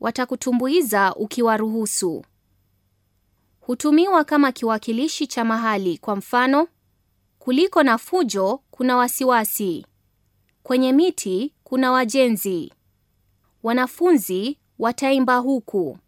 watakutumbuiza ukiwaruhusu. Hutumiwa kama kiwakilishi cha mahali. Kwa mfano, kuliko na fujo kuna wasiwasi, kwenye miti kuna wajenzi, wanafunzi wataimba huku.